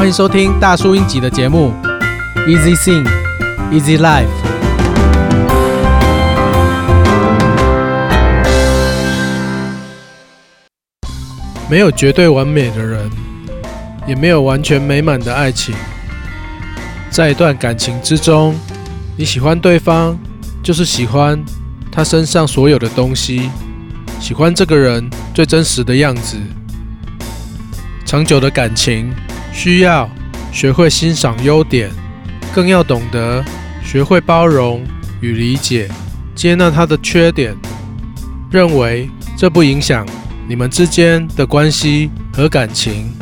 歡迎收聽大叔英集的節目、e《Easy Thing Easy Life》。沒有絕對完美的人，也沒有完全美滿的愛情。在一段感情之中，你喜歡對方，就是喜歡他身上所有的東西，喜歡這個人最真實的樣子。長久的感情。需要學會欣賞優點，更要懂得學會包容與理解，接納他的缺點，認為這不影響你們之間的關係和感情。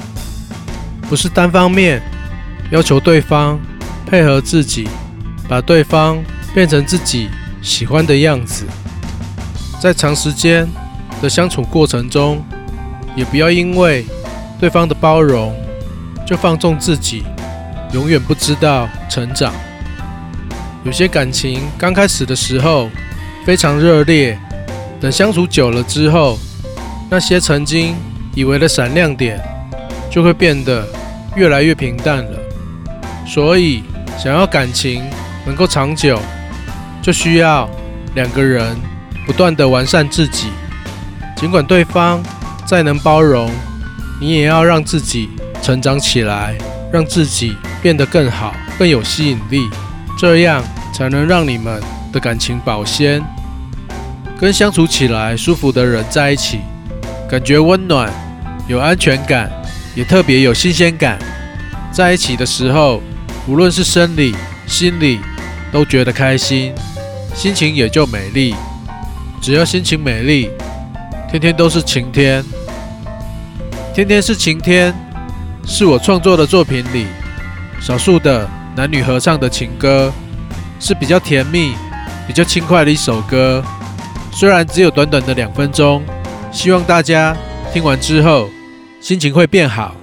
不是單方面要求對方配合自己，把對方變成自己喜歡的樣子。在長時間的相處過程中，也不要因為對方的包容。就放縱自己，永遠不知道成長。有些感情剛開始的時候非常熱烈，等相處久了之後，那些曾經以為的閃亮點就會變得越來越平淡了。所以，想要感情能夠長久，就需要兩個人不斷地完善自己。儘管對方再能包容，你也要讓自己。成長起來，讓自己變得更好、更有吸引力，這樣才能讓你們的感情保鮮。跟相處起來舒服的人在一起，感覺溫暖、有安全感，也特別有新鮮感。在一起的時候，無論是生理、心理，都覺得開心，心情也就美麗。只要心情美麗，天天都是晴天，天天是晴天。是我創作的作品裡，少數的男女合唱的情歌，是比較甜蜜、比較輕快的一首歌。雖然只有短短的兩分鐘，希望大家聽完之後心情會變好。